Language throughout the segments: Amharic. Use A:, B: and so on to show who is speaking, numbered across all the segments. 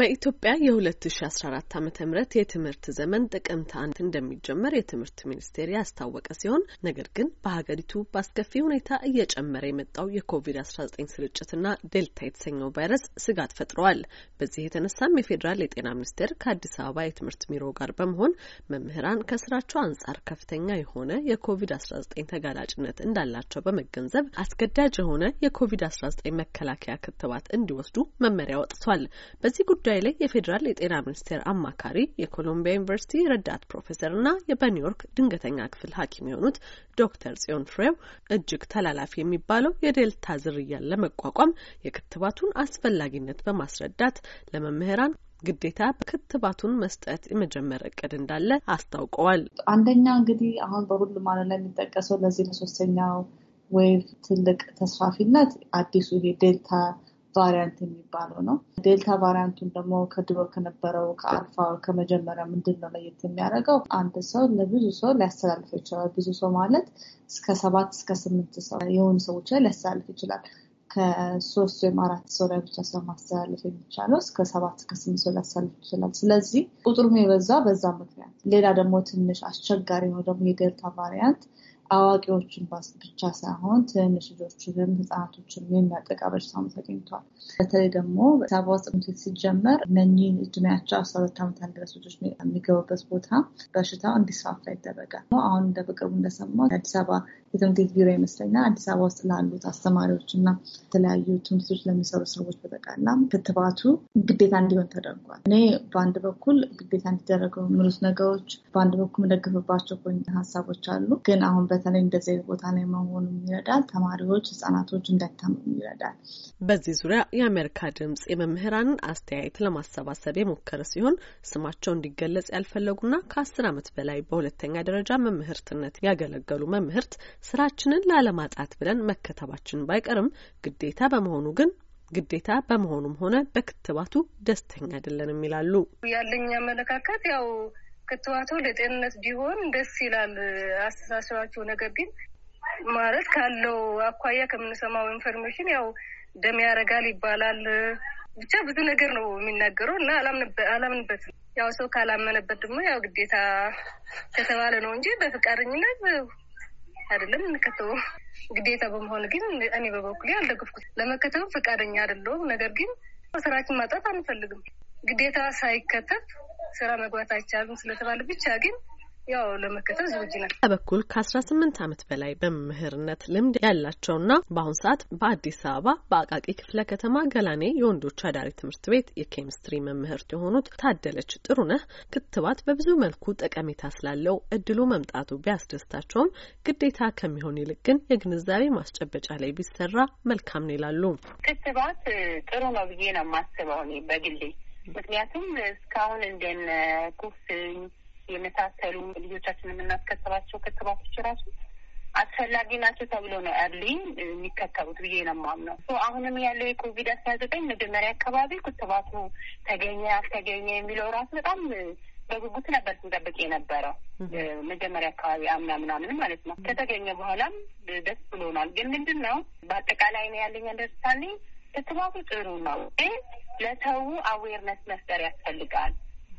A: በኢትዮጵያ የ2014 ዓ ም የትምህርት ዘመን ጥቅምት አንድ እንደሚጀመር የትምህርት ሚኒስቴር ያስታወቀ ሲሆን ነገር ግን በሀገሪቱ በአስከፊ ሁኔታ እየጨመረ የመጣው የኮቪድ-19 ስርጭትና ዴልታ የተሰኘው ቫይረስ ስጋት ፈጥረዋል። በዚህ የተነሳም የፌዴራል የጤና ሚኒስቴር ከአዲስ አበባ የትምህርት ቢሮ ጋር በመሆን መምህራን ከስራቸው አንጻር ከፍተኛ የሆነ የኮቪድ-19 ተጋላጭነት እንዳላቸው በመገንዘብ አስገዳጅ የሆነ የኮቪድ-19 መከላከያ ክትባት እንዲወስዱ መመሪያ ወጥቷል። በዚህ ጉዳይ ላይ የፌዴራል የጤና ሚኒስቴር አማካሪ የኮሎምቢያ ዩኒቨርሲቲ ረዳት ፕሮፌሰር እና በኒውዮርክ ድንገተኛ ክፍል ሐኪም የሆኑት ዶክተር ጽዮን ፍሬው እጅግ ተላላፊ የሚባለው የዴልታ ዝርያን ለመቋቋም የክትባቱን አስፈላጊነት በማስረዳት ለመምህራን ግዴታ ክትባቱን መስጠት የመጀመር እቅድ እንዳለ አስታውቀዋል።
B: አንደኛ እንግዲህ አሁን በሁሉም ዓለም ላይ የሚጠቀሰው ለዚህ ለሶስተኛው ወይ ትልቅ ተስፋፊነት አዲሱ ይሄ ዴልታ ቫሪያንት የሚባለው ነው። ዴልታ ቫሪያንቱን ደግሞ ከድሮ ከነበረው ከአልፋ ከመጀመሪያ ምንድን ነው ለየት የሚያደርገው? አንድ ሰው ለብዙ ሰው ሊያስተላልፍ ይችላል። ብዙ ሰው ማለት እስከ ሰባት እስከ ስምንት ሰው የሆኑ ሰዎች ላይ ሊያስተላልፍ ይችላል። ከሶስት ወይም አራት ሰው ላይ ብቻ ሰው ማስተላለፍ የሚቻለው እስከ ሰባት እስከ ስምንት ሰው ሊያስተላልፍ ይችላል። ስለዚህ ቁጥሩም የበዛ በዛ ምክንያት። ሌላ ደግሞ ትንሽ አስቸጋሪ ነው ደግሞ የዴልታ ቫሪያንት አዋቂዎችን ብቻ ሳይሆን ትንሽ ልጆችንም ህጻናቶችን የሚያጠቃ በሽታም ተገኝቷል። በተለይ ደግሞ ሳባ ውስጥ ምትት ሲጀመር እነኚህን እድሜያቸው አስራ ሁለት ዓመት ድረስ ልጆች የሚገቡበት ቦታ በሽታው እንዲስፋፋ ይደረጋል። አሁን እንደ በቅርቡ እንደሰማሁት አዲስ አበባ የትምህርት ቤት ቢሮ ይመስለኛል አዲስ አበባ ውስጥ ላሉት አስተማሪዎች እና የተለያዩ ትምህርቶች ለሚሰሩ ሰዎች በጠቅላላ ክትባቱ ግዴታ እንዲሆን ተደርጓል። እኔ በአንድ በኩል ግዴታ እንዲደረገው የሚሉት ነገሮች በአንድ በኩል መደግፍባቸው ሀሳቦች አሉ ግን አሁን በተለይ እንደዚህ ቦታ ላይ መሆኑ ይረዳል። ተማሪዎች፣ ህጻናቶች እንዳይታመሙ ይረዳል።
A: በዚህ ዙሪያ የአሜሪካ ድምጽ የመምህራንን አስተያየት ለማሰባሰብ የሞከረ ሲሆን ስማቸው እንዲገለጽ ያልፈለጉና ከአስር ዓመት በላይ በሁለተኛ ደረጃ መምህርትነት ያገለገሉ መምህርት ስራችንን ላለማጣት ብለን መከተባችን ባይቀርም ግዴታ በመሆኑ ግን ግዴታ በመሆኑም ሆነ በክትባቱ ደስተኛ አይደለንም ይላሉ።
C: ያለኝ አመለካከት ያው ክትባቱ ለጤንነት ቢሆን ደስ ይላል አስተሳሰባቸው። ነገር ግን ማለት ካለው አኳያ ከምንሰማው ኢንፎርሜሽን ያው ደም ያረጋል ይባላል ብቻ ብዙ ነገር ነው የሚናገረው እና አላምንበት። ያው ሰው ካላመነበት ደግሞ ያው ግዴታ ከተባለ ነው እንጂ በፍቃደኝነት አይደለም እንከተበው። ግዴታ በመሆን ግን እኔ በበኩሌ አልደገፍኩት። ለመከተብም ፍቃደኛ አይደለሁም። ነገር ግን ስራችን ማጣት አንፈልግም። ግዴታ ሳይከተብ ስራ መግባት አይቻልም ስለተባለ ብቻ ግን ያው ለመከተል ዝግጅ ነን።
A: በኩል ከአስራ ስምንት ዓመት በላይ በመምህርነት ልምድ ያላቸውና በአሁን ሰዓት በአዲስ አበባ በአቃቂ ክፍለ ከተማ ገላኔ የወንዶች አዳሪ ትምህርት ቤት የኬሚስትሪ መምህርት የሆኑት ታደለች ጥሩነህ ክትባት በብዙ መልኩ ጠቀሜታ ስላለው እድሉ መምጣቱ ቢያስደስታቸውም ግዴታ ከሚሆን ይልቅ ግን የግንዛቤ ማስጨበጫ ላይ ቢሰራ መልካም ነው ይላሉ።
C: ክትባት ጥሩ ነው ብዬ ነው የማስበው በግሌ ምክንያቱም እስካሁን እንደነ ኩፍኝ የመሳሰሉ ልጆቻችን የምናስከተባቸው ክትባቶች ራሱ አስፈላጊ ናቸው ተብሎ ነው ያሉ የሚከተቡት ብዬ ነው የማምነው። አሁንም ያለው የኮቪድ አስራ ዘጠኝ መጀመሪያ አካባቢ ክትባቱ ተገኘ አልተገኘ የሚለው ራሱ በጣም በጉጉት ነበር ስንጠብቅ የነበረው መጀመሪያ አካባቢ አምና ምናምን ማለት ነው። ከተገኘ በኋላም ደስ ብሎናል። ግን ምንድን ነው በአጠቃላይ ነው ያለኝ አንደርስታንዲንግ ክትባቱ ጥሩ ነው፣ ግን ለሰው አዌርነስ መፍጠር ያስፈልጋል።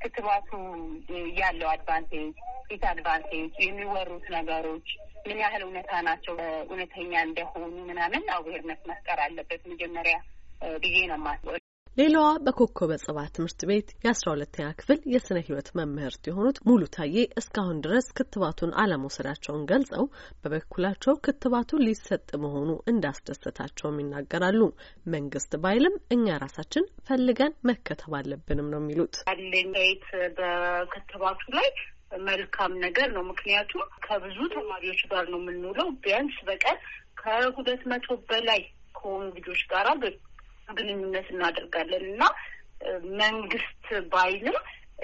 C: ክትባቱ ያለው አድቫንቴጅ ዲስ አድቫንቴጅ፣ የሚወሩት ነገሮች ምን ያህል እውነታ ናቸው እውነተኛ እንደሆኑ ምናምን አዌርነስ መፍጠር አለበት መጀመሪያ ብዬ ነው የማስበው።
A: ሌላዋ በኮከበ ጽባ ትምህርት ቤት የአስራ ሁለተኛ ክፍል የስነ ህይወት መምህርት የሆኑት ሙሉ ታዬ እስካሁን ድረስ ክትባቱን አለመውሰዳቸውን ገልጸው በበኩላቸው ክትባቱ ሊሰጥ መሆኑ እንዳስደሰታቸውም ይናገራሉ። መንግስት ባይልም እኛ ራሳችን ፈልገን መከተብ አለብንም ነው የሚሉት።
C: በክትባቱ ላይ መልካም ነገር ነው። ምክንያቱም ከብዙ ተማሪዎች ጋር ነው የምንውለው። ቢያንስ በቀን ከሁለት መቶ በላይ ከሆኑ ልጆች ጋር ግንኙነት እናደርጋለን እና መንግስት ባይልም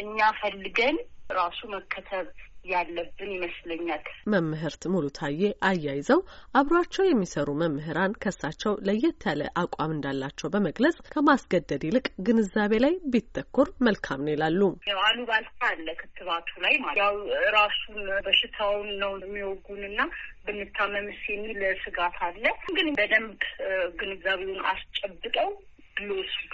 C: እኛ ፈልገን ራሱ መከተብ ያለብን ይመስለኛል።
A: መምህርት ሙሉ ታዬ አያይዘው አብሯቸው የሚሰሩ መምህራን ከሳቸው ለየት ያለ አቋም እንዳላቸው በመግለጽ ከማስገደድ ይልቅ ግንዛቤ ላይ ቢተኮር መልካም ነው ይላሉ።
C: ባልታ አለ ክትባቱ ላይ ማለት ያው ራሱን በሽታውን ነው የሚወጉን የሚወጉንና ብንታመምስ የሚል ስጋት አለ። ግን በደንብ ግንዛቤውን አስጨብጠው ሊወስዱ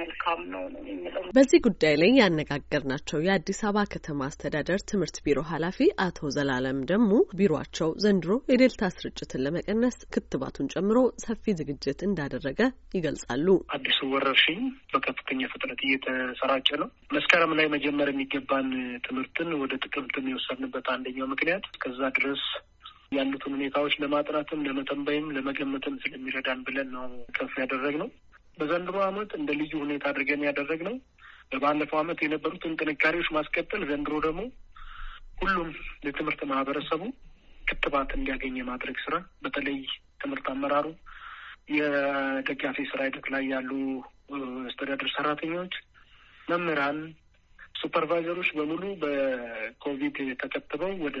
C: መልካም ነው ነው የሚለው።
A: በዚህ ጉዳይ ላይ ያነጋገርናቸው የአዲስ አበባ ከተማ አስተዳደር ትምህርት ቢሮ ኃላፊ አቶ ዘላለም ደግሞ ቢሮቸው ዘንድሮ የዴልታ ስርጭትን ለመቀነስ ክትባቱን ጨምሮ ሰፊ ዝግጅት እንዳደረገ ይገልጻሉ።
D: አዲሱ ወረርሽኝ በከፍተኛ ፍጥነት እየተሰራጨ ነው። መስከረም ላይ መጀመር የሚገባን ትምህርትን ወደ ጥቅምት የወሰድንበት አንደኛው ምክንያት ከዛ ድረስ ያሉትን ሁኔታዎች ለማጥናትም ለመተንበይም ለመገመትም ስለሚረዳን ብለን ነው ከፍ ያደረግ ነው። በዘንድሮ ዓመት እንደ ልዩ ሁኔታ አድርገን ያደረግ ነው። በባለፈው ዓመት የነበሩትን ጥንካሬዎች ማስቀጠል፣ ዘንድሮ ደግሞ ሁሉም የትምህርት ማህበረሰቡ ክትባት እንዲያገኝ የማድረግ ስራ በተለይ ትምህርት አመራሩ፣ የደጋፊ ስራ ሂደት ላይ ያሉ አስተዳደር ሰራተኞች፣ መምህራን፣ ሱፐርቫይዘሮች በሙሉ በኮቪድ ተከትበው ወደ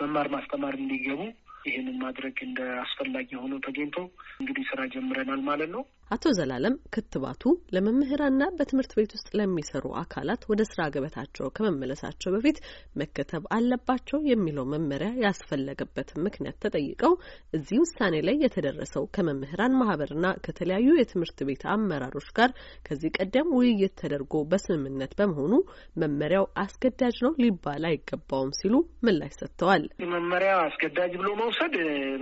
D: መማር ማስተማር እንዲገቡ ይህንን ማድረግ እንደ አስፈላጊ ሆኖ ተገኝቶ እንግዲህ ስራ ጀምረናል ማለት ነው።
A: አቶ ዘላለም ክትባቱ ለመምህራንና በትምህርት ቤት ውስጥ ለሚሰሩ አካላት ወደ ስራ ገበታቸው ከመመለሳቸው በፊት መከተብ አለባቸው የሚለው መመሪያ ያስፈለገበት ምክንያት ተጠይቀው እዚህ ውሳኔ ላይ የተደረሰው ከመምህራን ማህበርና ከተለያዩ የትምህርት ቤት አመራሮች ጋር ከዚህ ቀደም ውይይት ተደርጎ በስምምነት በመሆኑ መመሪያው አስገዳጅ ነው ሊባል አይገባውም ሲሉ ምላሽ ሰጥተዋል።
D: መመሪያ አስገዳጅ ብሎ መውሰድ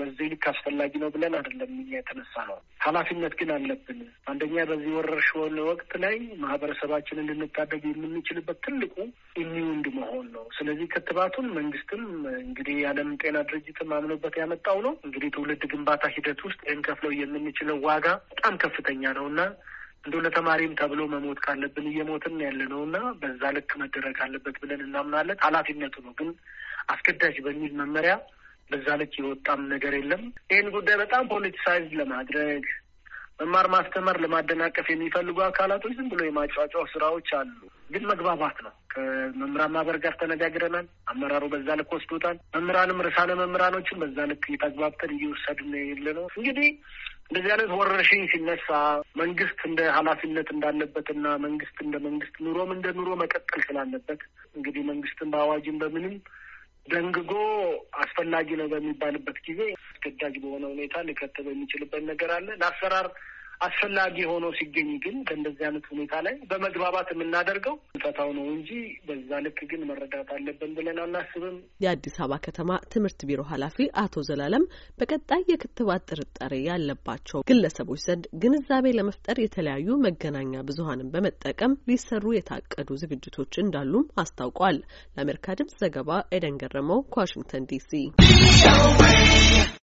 D: በዚህ ልክ አስፈላጊ ነው ብለን አይደለም የተነሳ ነው ኃላፊነት ግን አለብን። አንደኛ በዚህ ወረርሽኝ ወቅት ላይ ማህበረሰባችንን ልንታደግ የምንችልበት ትልቁ ኢሚውንድ መሆን ነው። ስለዚህ ክትባቱን መንግስትም እንግዲህ የዓለም ጤና ድርጅትም አምኖበት ያመጣው ነው። እንግዲህ ትውልድ ግንባታ ሂደት ውስጥ ከፍለው የምንችለው ዋጋ በጣም ከፍተኛ ነው እና እንደው ለተማሪም ተብሎ መሞት ካለብን እየሞትን ያለ ነው እና በዛ ልክ መደረግ አለበት ብለን እናምናለን። ኃላፊነቱ ነው ግን አስገዳጅ በሚል መመሪያ በዛ ልክ የወጣም ነገር የለም። ይህን ጉዳይ በጣም ፖለቲሳይዝ ለማድረግ መማር ማስተማር ለማደናቀፍ የሚፈልጉ አካላቶች ዝም ብሎ የማጫጫው ስራዎች አሉ። ግን መግባባት ነው። ከመምህራን ማህበር ጋር ተነጋግረናል። አመራሩ በዛ ልክ ወስዶታል። መምህራንም ርሳነ መምህራኖችን በዛ ልክ እየተግባብተን እየወሰድን የለ ነው እንግዲህ እንደዚህ አይነት ወረርሽኝ ሲነሳ መንግስት እንደ ኃላፊነት እንዳለበትና መንግስት እንደ መንግስት ኑሮም እንደ ኑሮ መቀጠል ስላለበት እንግዲህ መንግስትን በአዋጅም በምንም ደንግጎ አስፈላጊ ነው በሚባልበት ጊዜ አስገዳጅ በሆነ ሁኔታ ሊከተብ የሚችልበት ነገር አለ። ለአሰራር አስፈላጊ ሆኖ ሲገኝ ግን በእንደዚህ አይነት ሁኔታ ላይ በመግባባት የምናደርገው ፈታው ነው እንጂ በዛ ልክ ግን መረዳት አለብን ብለን አናስብም።
A: የአዲስ አበባ ከተማ ትምህርት ቢሮ ኃላፊ አቶ ዘላለም በቀጣይ የክትባት ጥርጣሬ ያለባቸው ግለሰቦች ዘንድ ግንዛቤ ለመፍጠር የተለያዩ መገናኛ ብዙሀንን በመጠቀም ሊሰሩ የታቀዱ ዝግጅቶች እንዳሉም አስታውቋል። ለአሜሪካ ድምጽ ዘገባ ኤደን ገረመው ከዋሽንግተን ዲሲ